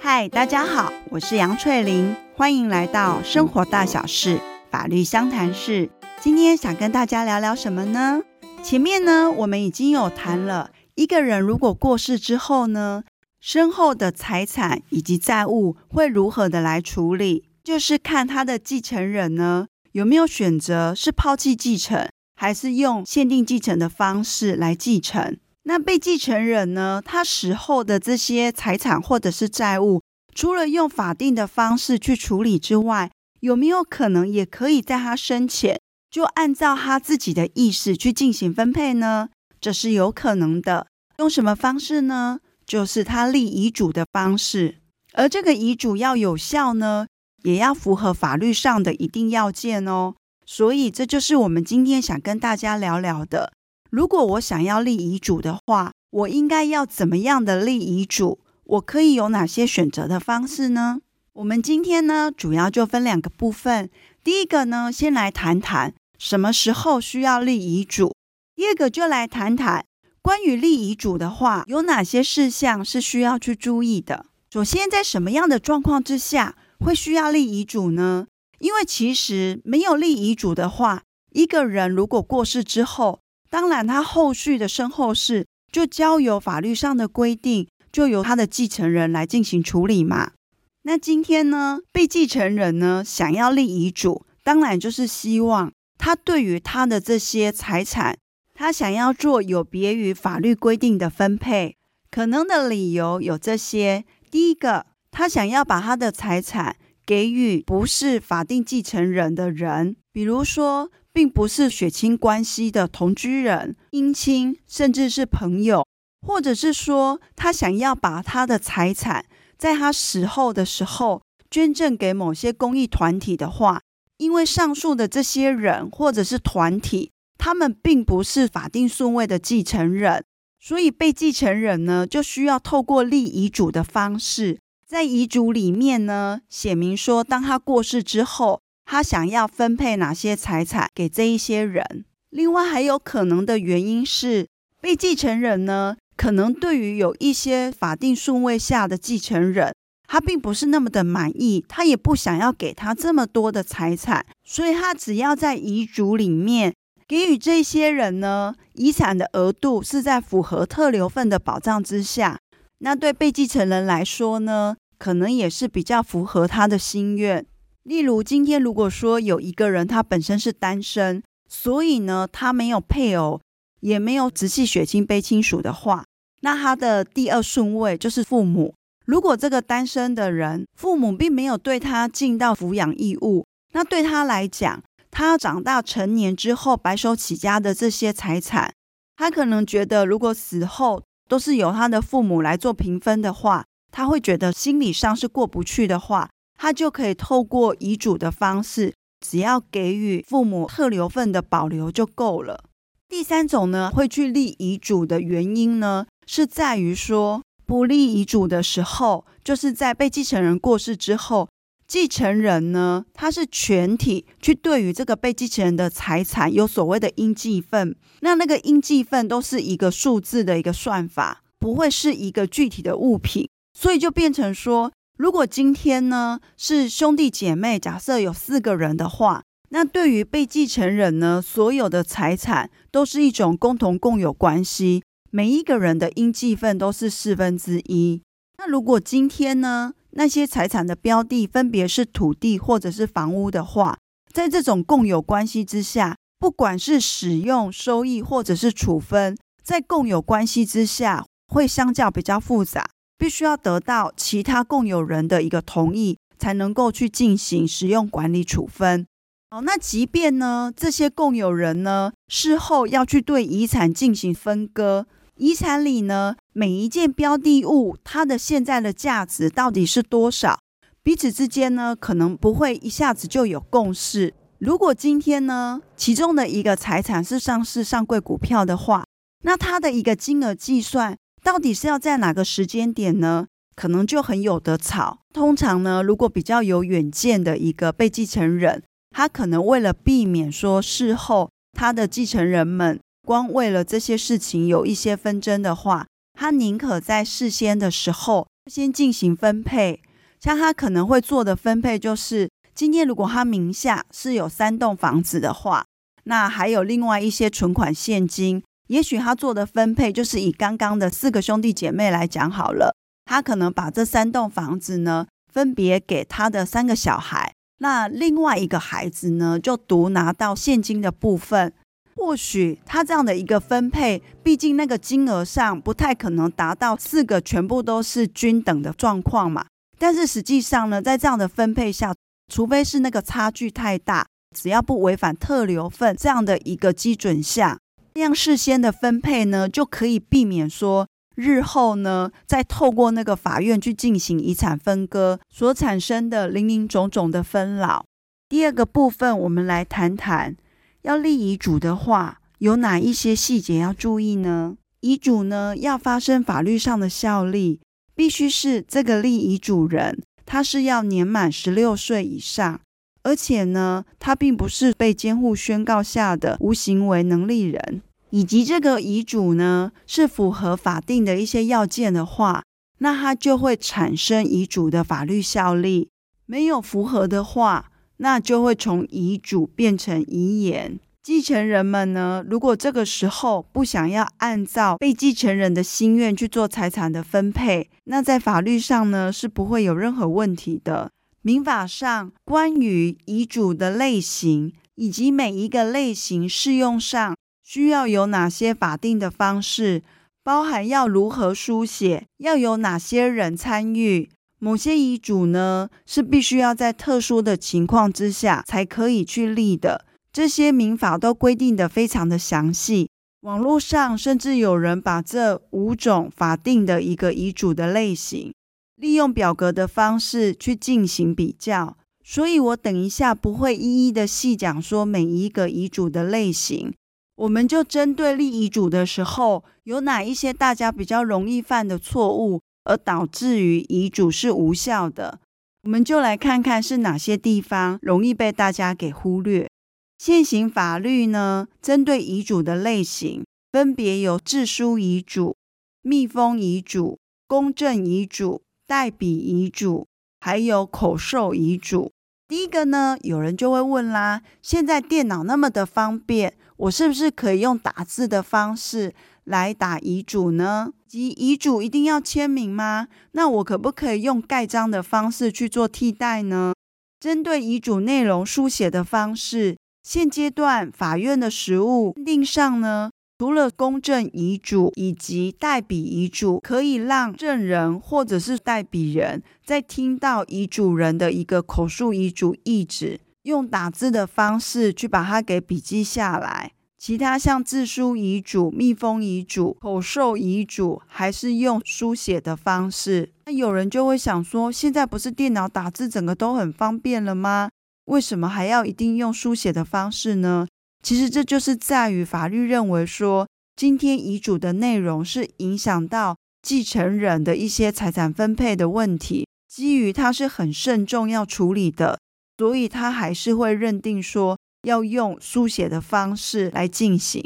嗨，Hi, 大家好，我是楊翠玲，歡迎來到生活大小事法律相談室。今天想跟大家聊聊什麼呢？前面呢，我們已經有談了，一個人如果過世之後呢，身後的財產以及債務會如何的來處理，就是看他的繼承人呢。有沒有選擇是拋棄繼承，還是用限定繼承的方式來繼承？那被繼承人呢？他死後的這些財產或者是債務，除了用法定的方式去處理之外，有沒有可能也可以在他生前就按照他自己的意思去進行分配呢？這是有可能的。用什麼方式呢？就是他立遺囑的方式。而這個遺囑要有效呢，也要符合法律上的一定要件哦。所以，這就是我們今天想跟大家聊聊的。如果我想要立遺囑的話，我應該要怎麼樣的立遺囑？我可以有哪些選擇的方式呢？我們今天呢，主要就分兩個部分。第一個呢，先來談談什麼時候需要立遺囑；第二個就來談談關於立遺囑的話，有哪些事項是需要去注意的。首先，在什麼樣的狀況之下，會需要立遺囑呢？因為其實沒有立遺囑的話，一個人如果過世之後，當然他後續的身後事就交由法律上的規定，就由他的繼承人來進行處理嘛。那今天呢，被繼承人呢，想要立遺囑，當然就是希望他對於他的這些財產，他想要做有別於法律規定的分配。可能的理由有這些：第一個。他想要把他的財產給予不是法定繼承人的人，比如說，並不是血親關係的同居人、姻親，甚至是朋友，或者是說，他想要把他的財產在他死後的時候捐贈給某些公益團體的話，因為上述的這些人或者是團體，他們並不是法定順位的繼承人，所以被繼承人呢就需要透過立遺囑的方式。在遺囑裡面呢，寫明說，當他過世之後，他想要分配哪些財產給這一些人。另外還有可能的原因是，被繼承人呢，可能對於有一些法定順位下的繼承人，他並不是那麼的滿意，他也不想要給他這麼多的財產，所以他只要在遺囑裡面給予這些人呢遺產的額度是在符合特留分的保障之下，那對被繼承人來說呢，可能也是比較符合他的心願。例如，今天如果說有一個人他本身是單身，所以呢他沒有配偶，也沒有直系血親卑親屬的話，那他的第二順位就是父母。如果這個單身的人父母並沒有對他盡到撫養義務，那對他來講，他長大成年之後白手起家的這些財產，他可能覺得如果死後都是由他的父母來做平分的話。他會覺得心理上是過不去的話，他就可以透過遺囑的方式，只要給予父母特留分的保留就夠了。第三種呢，會去立遺囑的原因呢，是在於說不立遺囑的時候，就是在被繼承人過世之後，繼承人呢，他是全體去對於這個被繼承人的財產有所謂的應繼分，那那個應繼分都是一個數字的一個算法，不會是一個具體的物品。所以就變成說，如果今天呢，是兄弟姐妹，假設有四個人的話，那對於被繼承人呢，所有的財產都是一種公同共有關係，每一個人的應繼分都是四分之一。那如果今天呢，那些財產的標的分別是土地或者是房屋的話，在這種共有關係之下，不管是使用、收益或者是處分，在共有關係之下會相較比較複雜。必須要得到其他共有人的一個同意，才能夠去進行使用管理處分。好，那即便呢，這些共有人呢，事後要去對遺產進行分割，遺產裡呢，每一件標的物它的現在的價值到底是多少，彼此之間呢，可能不會一下子就有共識。如果今天呢，其中的一個財產是上市上櫃股票的話，那它的一個金額計算，到底是要在哪個時間點呢？可能就很有得吵。通常呢，如果比較有遠見的一個被繼承人，他可能為了避免說事後他的繼承人們光為了這些事情有一些紛爭的話，他寧可在事先的時候先進行分配。像他可能會做的分配，就是今天如果他名下是有三棟房子的話，那還有另外一些存款、現金。也許他做的分配就是以剛剛的四個兄弟姐妹來講好了，他可能把這三棟房子呢分別給他的三個小孩，那另外一個孩子呢就獨拿到現金的部分。或許他這樣的一個分配，畢竟那個金額上不太可能達到四個全部都是均等的狀況嘛。但是實際上呢，在這樣的分配下，除非是那個差距太大，只要不違反特留分這樣的一個基準下。這樣事先的分配呢，就可以避免說日後呢再透過那個法院去進行遺產分割所產生的林林總總的紛擾。第二個部分，我們來談談要立遺囑的話，有哪一些細節要注意呢？遺囑呢要發生法律上的效力，必須是這個立遺囑人他是要年滿十六歲以上。而且呢，他並不是被監護宣告下的無行為能力人，以及這個遺囑呢是符合法定的一些要件的話，那他就會產生遺囑的法律效力。沒有符合的話，那就會從遺囑變成遺言。繼承人們呢，如果這個時候不想要按照被繼承人的心願去做財產的分配，那在法律上呢是不會有任何問題的。民法上關於遺囑的類型，以及每一個類型適用上需要有哪些法定的方式，包含要如何書寫，要有哪些人參與，某些遺囑呢是必須要在特殊的情況之下才可以去立的，這些民法都規定的非常的詳細。網絡上甚至有人把這五種法定的一個遺囑的類型。利用表格的方式去進行比較，所以我等一下不會一一的細講說每一個遺囑的類型，我們就針對立遺囑的時候有哪一些大家比較容易犯的錯誤而導致於遺囑是無效的，我們就來看看是哪些地方容易被大家給忽略。現行法律呢，針對遺囑的類型，分別有自書遺囑、密封遺囑、公證遺囑。代筆遺囑還有口授遺囑，第一個呢，有人就會問啦，現在電腦那麼的方便，我是不是可以用打字的方式來打遺囑呢？即遺囑一定要簽名嗎？那我可不可以用蓋章的方式去做替代呢？針對遺囑內容書寫的方式，現階段法院的實務認定上呢，除了公證遺囑以及代筆遺囑，可以讓證人或者是代筆人在聽到遺囑人的一個口述遺囑意旨，用打字的方式去把它給筆記下來。其他像自書遺囑、密封遺囑、口授遺囑，還是用書寫的方式。那有人就會想說，現在不是電腦打字整個都很方便了嗎？為什麼還要一定用書寫的方式呢？其實這就是在於法律認為說，今天遺囑的內容是影響到繼承人的一些財產分配的問題，基於他是很慎重要處理的，所以他還是會認定說要用書寫的方式來進行。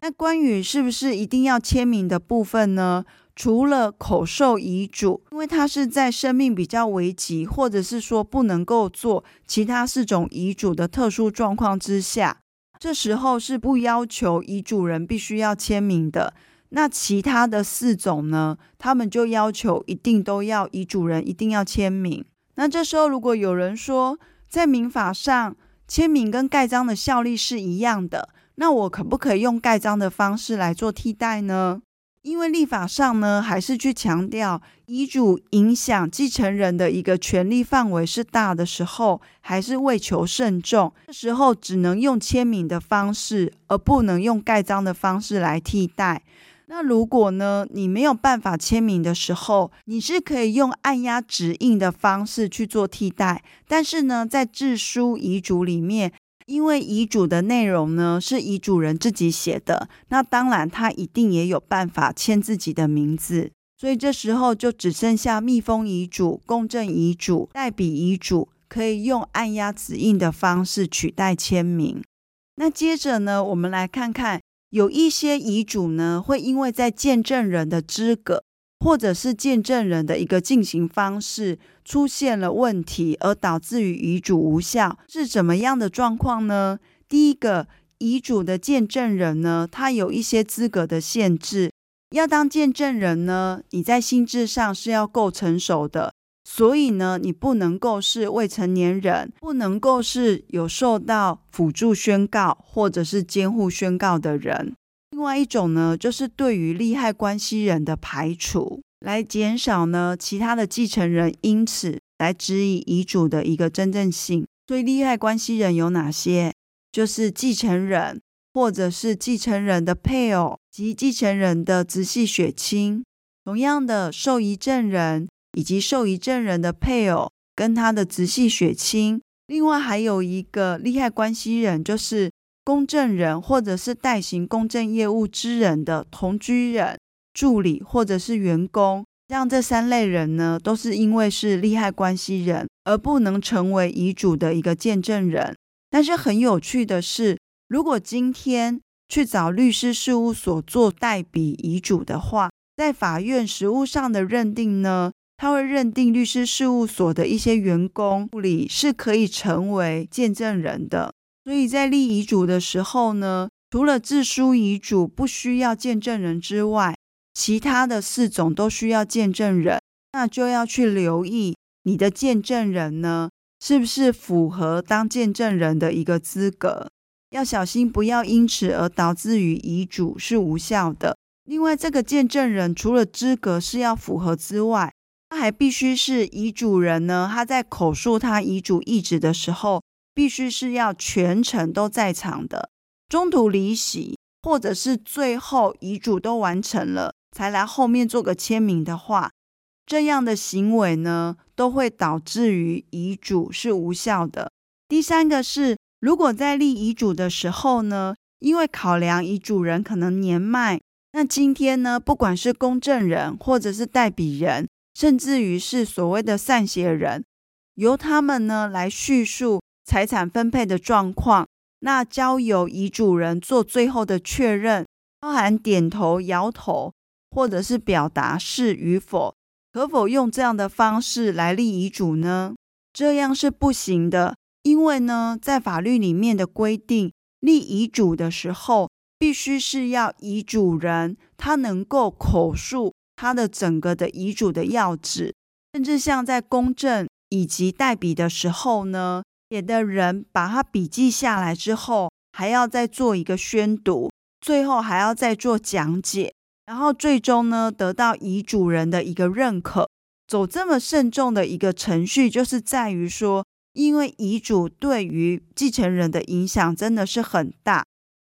那關於是不是一定要簽名的部分呢？除了口授遺囑，因為他是在生命比較危急，或者是說不能夠做其他四種遺囑的特殊狀況之下。這時候是不要求遺囑人必須要簽名的，那其他的四種呢？他們就要求一定都要遺囑人一定要簽名。那這時候如果有人說在民法上簽名跟蓋章的效力是一樣的，那我可不可以用蓋章的方式來做替代呢？因為立法上呢，還是去強調遺囑影響繼承人的一個權利範圍是大的時候，還是為求慎重，這時候只能用簽名的方式，而不能用蓋章的方式來替代。那如果呢，你沒有辦法簽名的時候，你是可以用按壓指印的方式去做替代。但是呢，在自書遺囑裡面。因為遺囑的內容呢，是遺囑人自己寫的，那當然他一定也有辦法簽自己的名字，所以這時候就只剩下密封遺囑、公證遺囑、代筆遺囑，可以用按壓指印的方式取代簽名。那接着呢，我們來看看有一些遺囑呢會因為在見證人的資格。或者是見證人的一個進行方式出現了問題，而導致於遺囑無效。是怎麼樣的狀況呢？第一個，遺囑的見證人呢，他有一些資格的限制。要當見證人呢，你在心智上是要夠成熟的，所以呢，你不能夠是未成年人，不能夠是有受到輔助宣告或者是監護宣告的人。另外一種呢，就是對於利害關係人的排除，來減少呢其他的繼承人因此來質疑遺囑的一個真正性。所以利害關係人有哪些？就是繼承人，或者是繼承人的配偶及繼承人的直系血親。同樣的，受遺贈人以及受遺贈人的配偶跟他的直系血親。另外還有一個利害關係人，就是。公證人或者是代行公證業務之人的同居人、助理或者是員工，像這三類人呢，都是因為是利害關係人而不能成為遺囑的一個見證人。但是很有趣的是，如果今天去找律師事務所做代筆遺囑的話，在法院實務上的認定呢，他會認定律師事務所的一些員工、助理是可以成為見證人的。所以在立遺囑的時候呢，除了自書遺囑不需要見證人之外，其他的四種都需要見證人。那就要去留意你的見證人呢，是不是符合當見證人的一個資格？要小心不要因此而導致於遺囑是無效的。另外，這個見證人除了資格是要符合之外，他還必須是遺囑人呢，他在口述他遺囑意志的時候。必須是要全程都在場的，中途離席，或者是最後遺囑都完成了才來後面做個簽名的話，這樣的行為呢，都會導致於遺囑是無效的。第三個是，如果在立遺囑的時候呢，因為考量遺囑人可能年邁，那今天呢，不管是公證人，或者是代筆人，甚至於是所謂的繕寫人，由他們呢來敘述。財產分配的狀況，那交由遺囑人做最後的確認，包含點頭、搖頭，或者是表達是與否，可否用這樣的方式來立遺囑呢？這樣是不行的，因為呢，在法律裡面的規定，立遺囑的時候，必須是要遺囑人他能夠口述他的整個的遺囑的要旨，甚至像在公證以及代筆的時候呢。寫的人把他筆記下來之後，還要再做一個宣讀，最後還要再做講解，然後最終呢，得到遺囑人的一個認可。走這麼慎重的一個程序，就是在於說，因為遺囑對於繼承人的影響真的是很大，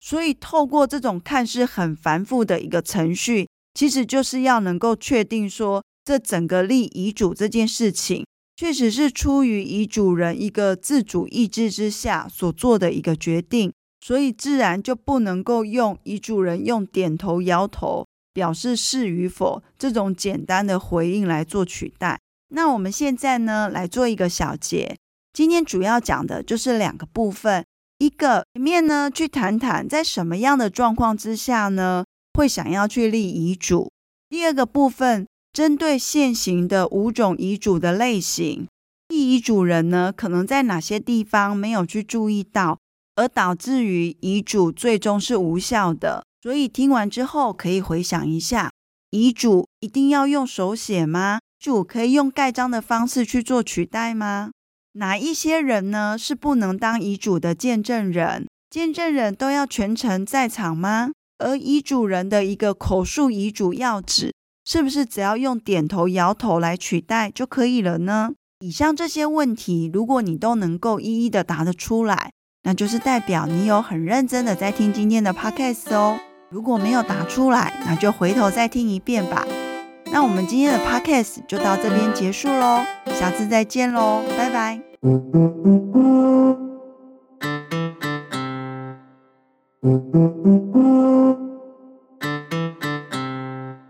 所以透過這種看似很繁複的一個程序，其實就是要能夠確定說，這整個立遺囑這件事情。確實是出於遺囑人一個自主意志之下所做的一個決定，所以自然就不能夠用遺囑人用點頭搖頭表示是與否這種簡單的回應來做取代。那我們現在呢，來做一個小結。今天主要講的就是兩個部分，一個裡面呢，去談談在什麼樣的狀況之下呢，會想要去立遺囑，第二個部分。針對現行的五種遺囑的類型，遺囑人呢可能在哪些地方沒有去注意到，而導致於遺囑最終是無效的。所以聽完之後可以回想一下，遺囑一定要用手寫嗎？主可以用蓋章的方式去做取代嗎？哪一些人呢是不能當遺囑的見證人？見證人都要全程在場嗎？而遺囑人的一個口述遺囑要旨，是不是只要用點頭、搖頭來取代就可以了呢？以上這些問題，如果你都能夠一一的答得出來，那就是代表你有很認真的在聽今天的 podcast 哦。如果沒有答出來，那就回頭再聽一遍吧。那我們今天的 podcast 就到這邊結束嘍，下次再見嘍，拜拜。嗯嗯嗯嗯嗯